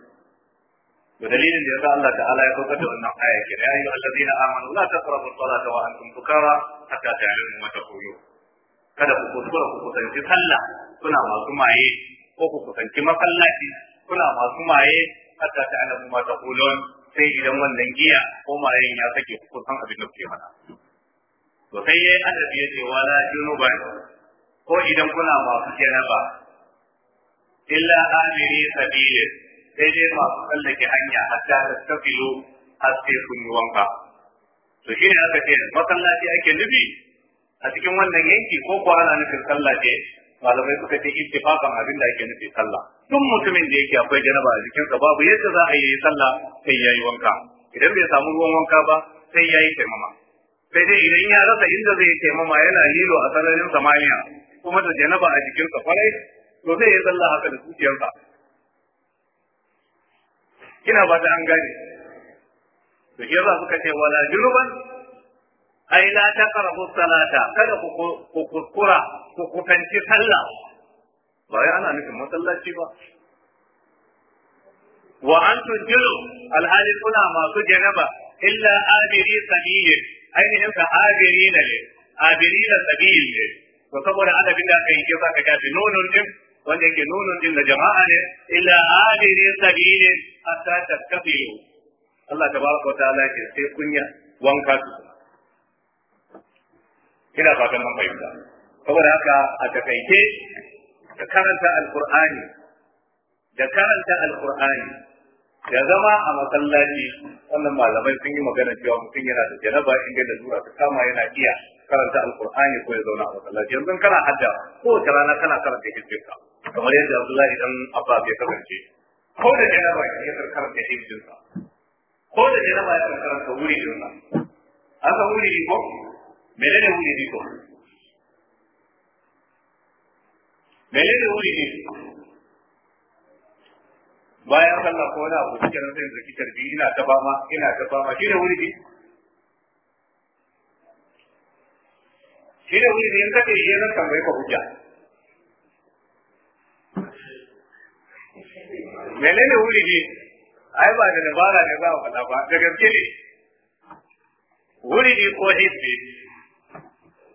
da dalilin da yasa Allah ta'ala ya saukar da wannan aya ke ya ayyuhallazina amanu la taqrabu as-salata wa antum sukara hatta ta'lamu ma taqulun kada ku kuskura ku kusanci sallah kuna masu maye ko ku kusanci masallaci kuna masu maye hatta ta ana kuma ta kulon sai idan wannan giya ko mayen ya sake ku kusan abin da kuke mana to sai yayi adabi ya ce wala junuban ko idan kuna masu janaba illa amiri sabili sai dai masu tsallake hanya hatta ta tafilo har sai kun yi wanka to shi ne aka ce masallaci ake nufi a cikin wannan yanki ko kuwa ana nufin sallah ce malamai suka ce ittifaqan abin da ake nufi sallah duk mutumin da yake akwai janaba a jikinsa babu yadda za a yi sallah sai yayi wanka idan bai samu ruwan wanka ba sai yayi taimama sai dai idan ya rasa inda zai taimama yana lilo a sararin samaniya kuma da janaba a jikinsa kwarai to zai yi sallah haka da zuciyarsa kina ba ta an gane to shi yasa suka ce wala juruban ai la taqrabu salata kada ku ku kuskura ku kusanci sallah ba ya ana nufin masallaci ba wa antum julu alhali kuna masu janaba illa abiri sabiyin ainihin ka abiri na ne abiri na sabiyin ne to saboda adabin da aka yi ke ka gafi nonon din wanda yake nonon din na jama'a ne illa abiri sabiyin Allah sai kunya wanka su ina fatan mun fahimta saboda haka a takaice da karanta alqur'ani da karanta alqur'ani da zama a masallaci wannan malamai sun yi magana cewa mutum yana da janaba in da zura ta kama yana iya karanta alqur'ani ko ya zauna a masallaci yanzu kana hadda kowace rana kana karanta hijjinka kamar yadda Abdullahi dan Abbas ya kasance ko da janaba ya karanta hijjinka ko da janaba ya karanta wuri dinsa an san wuri ko menene wuridi ko menene ne bayan Allah ko na abu cikin zai zaki tarbi ina ta ma ina ta fama shi ne wuridi shi ne wuridi in kake yi na tambayi ka hujja menene ne ai ba da dabara ne za a faɗa ba da gaske ne wuridi ko hizbi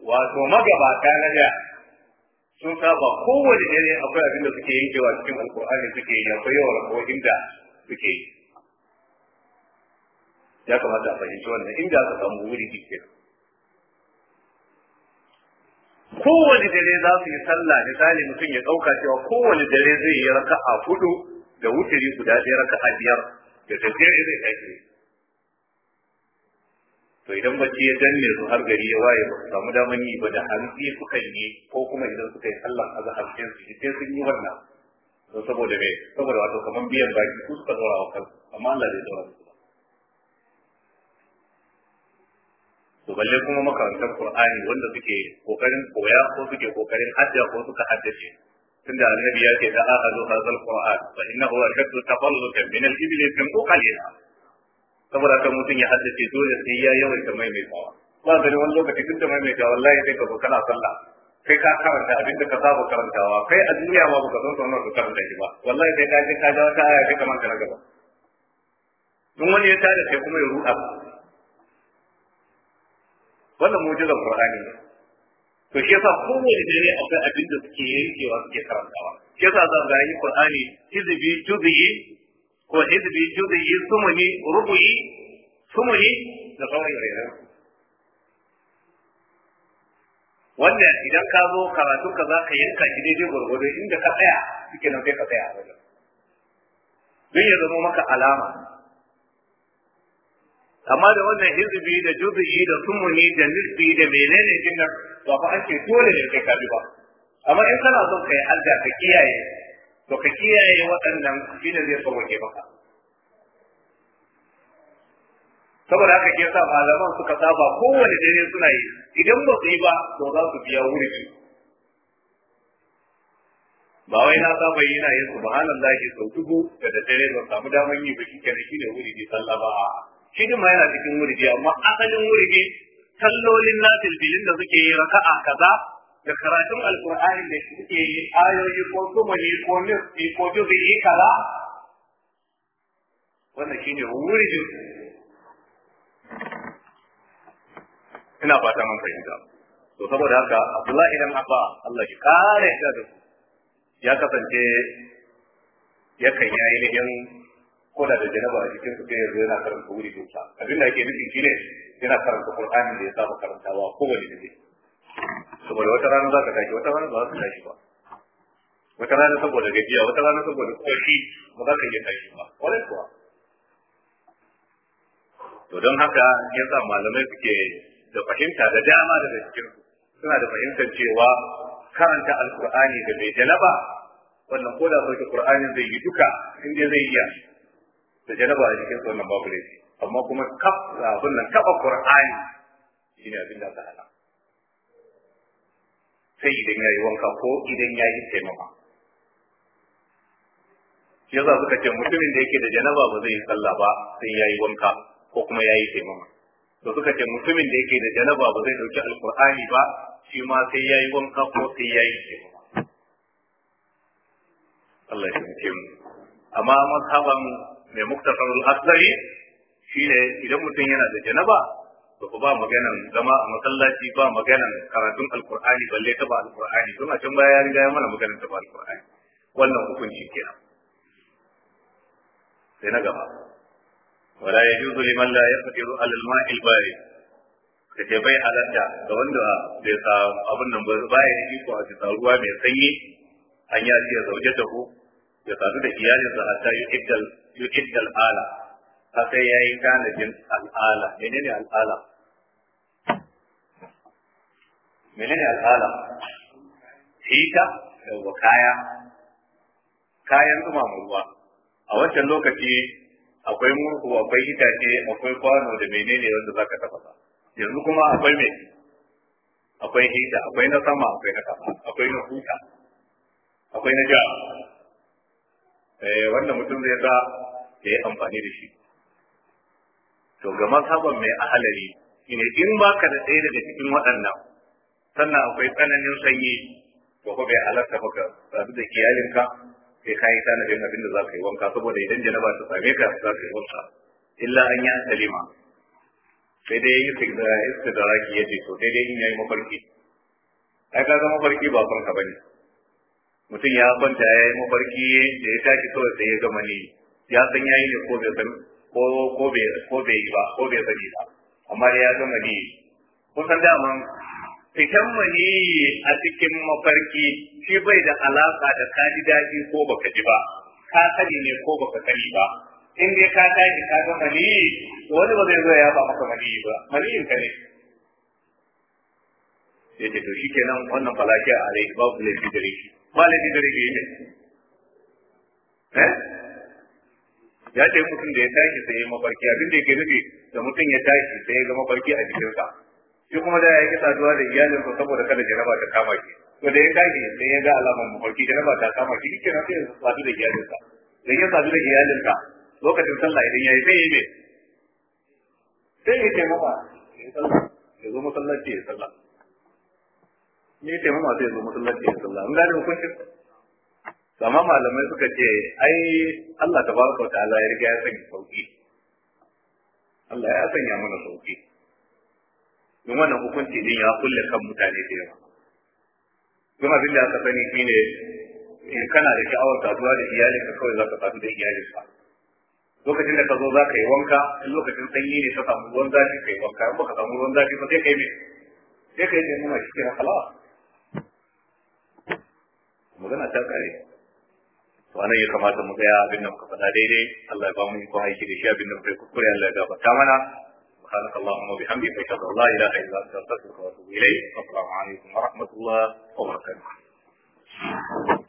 wato magabata na da sun saba kowane dare akwai abin da suke yankewa cikin alkur'ani suke yi akwai yawan rahohin da suke yi ya kamata a fahimci wannan inda aka samu wuri ke kowane dare za su yi sallah misali mutum ya ɗauka cewa kowane dare zai yi raka'a hudu da wuturi guda ɗaya raka'a biyar da tafiyar zai tafi to idan bacci ya danne su har gari ya waye ba su samu daman yi ba da hantsi suka yi ko kuma idan suka yi sallan azhar sai su yi sai sun yi wannan to saboda me saboda wato kamar biyan baki su suka dora wa kansu amma Allah bai dora su ba to balle kuma makarantar Qur'ani wanda suke kokarin koya ko suke kokarin hadda ko suka haddace tunda annabi ya ce da a'adu hadzal qur'an fa innahu ashaddu tafallutan min al-ibli kam qalila saboda kan mutum ya haddace ya sai ya ta maimaitawa ba da wani lokaci duk da maimaita wallahi sai ka zo kana sallah kai ka karanta abin da ka saba karantawa kai a duniya ma baka san sanar ka karanta shi ba wallahi sai ka ji ka ga wata aya sai ka manta na gaba in wani ya tada sai kuma ya ruɗa wannan mu'jizar qur'ani ne to shi yasa kowane dare akwai abin da suke yankewa suke karantawa shi yasa za ga yi qur'ani hizbi tubi ko hizbi juzu'i sumuni rubu'i sumuni da sauran rayuwa wanda idan ka zo karatunka ka za ka yanka shi daidai gwargwado inda ka tsaya suke nan sai ka tsaya a wajen don ya zama maka alama amma da wannan hizbi da juzu'i da sumuni da nisbi da menene din nan ba fa an ce dole ne kai ka bi ba amma in kana son kai alga ka kiyaye to ka kiyaye waɗannan shi ne zai sauwake maka saboda haka ke sa malaman suka saba kowane dare suna yi idan ba su yi ba to za su biya wurin ba wai na saba yi na yin subhanallahi sau dubu da da dare ba samu daman yi ba shi ne wuri ne sallah ba shi ma yana cikin wurfi amma asalin wuri ne sallolin nafil filin da suke yi raka'a kaza da karatun alkur'ani da suke yi ayoyi ko kuma ne ko nufi ko juzu'i kala? wannan shine wurin ina fata mun fahimta to saboda haka Abdullahi dan Abba Allah ya kare ta da ya kasance ya yakan yi ainihin ko da janaba a cikin su yanzu yana karanta wuri dosa abin da yake nufi shine yana karanta Qur'ani da ya saba karantawa kowane dare saboda wata rana za ka tashi wata rana ba za ka tashi ba wata rana saboda gajiya wata rana saboda koshi ba za ka iya tashi ba wani kuwa to don haka yasa malamai suke da fahimta da dama daga cikin suna da fahimtar cewa karanta alkur'ani da bai jalaba wannan ko da sauke qur'anin zai yi duka in dai zai iya da jalaba a cikin wannan babu laifi amma kuma kaf abin nan kaba qur'ani shine abin da aka hana sai idan ya yi wanka ko idan ya yi taimama yasa suka ce mutumin da yake da janaba ba zai yi sallah ba sai ya yi wanka ko kuma ya yi taimama Da suka ce mutumin da yake da janaba ba zai dauki alkur'ani ba shi ma sai ya yi wanka ko sai ya yi taimama Allah ya ce mu amma mazhaban mai muktasarul asali shi ne idan mutum yana da janaba to ba maganan zama a masallaci ba maganan karatun alkur'ani balle ta ba alkur'ani kuma can baya ya riga ya mana maganan ta ba alkur'ani wannan hukunci kenan sai na gaba wala yajuzu liman la yaqdiru ala al-ma'i al-bari kace bai halatta ga wanda bai sa abin nan ba ya yi iko a cikin ruwa mai sanyi an ya ce zauje ta ko ya sadu da iyalinsa hatta yi yu'iddal ala sai yayi tanajin al'ala menene al'ala menene al'ala hita da kaya kayan dumama ruwa a wancan lokaci akwai murhu akwai itace akwai kwano da menene wanda zaka tafa yanzu kuma akwai me akwai hita akwai na sama akwai na kafa, akwai na huta akwai na ja eh wanda mutum zai sa ya yi amfani da shi to ga mazhaban mai ahalari shine in baka da ɗaya daga cikin waɗannan sannan akwai tsananin sanyi ba ko bai halarta ba ka sadu da kiyalinka sai ka yi tanadin abin da za ka yi wanka saboda idan janaba ta same ka za ka yi wanka illa an yi salima sai dai yi raki ya ce to sai dai in yayi mafarki ai ka zama mafarki ba farka bane mutum ya kwanta ya yi mafarki da ya tashi kawai sai ya gama ne ya san yayi ne ko bai san ko ko bai ko bai yi ba ko bai sani ba amma dai ya gama ni kusan daman fitan maniyi a cikin mafarki shi bai da alaka da ka ji daɗi ko baka ji ba ka sani ne ko baka sani ba in dai ka tashi ka ga maniyi wani ba zai zo ya ba maka maniyi ba maniyin ka ne ce to shi nan wannan falaki a rai babu laifi gare shi ba laifi gare shi ne eh? ya ce mutum da ya tashi sai ya mafarki abinda ya ke nufi da mutum ya tashi sai ya ga mafarki a jikinsa shi kuma da ya ki saduwa da iyalin ko saboda kada jaraba ta kama shi to da ya tashi sai ya ga alaman mafarki jaraba ta kama shi shi na sai ya sadu da iyalinsa da ya sadu da iyalinsa lokacin sallah idan ya yi sai ya yi sai ya ce mama ya zo masallaci ya sallah ne ce mama sai ya zo masallaci ya sallah an gane hukuncin amma malamai suka ce ai Allah tabaraka wa ta'ala ya riga ya sanya sauki Allah ya sanya mana sauki don wannan hukunci din ya kulle kan mutane da yawa don abin da aka sani shine in kana da sha'awar kasuwa da ka kawai za ka sadu da ka lokacin da ka zo za ka yi wanka in lokacin sanyi ne ka samu ruwan zafi ka yi wanka in baka samu ruwan zafi ba sai ka yi mai sai ka yi mai nuna shi kira halawa magana ta kare wannan ya kamata mu tsaya abin da muka faɗa daidai Allah ya ba mu iko aiki da shi abin da muka yi kuskure Allah ya gabata mana سبحانك اللهم وبحمدك اشهد ان لا اله الا انت استغفرك واتوب اليك والسلام عليكم ورحمه الله وبركاته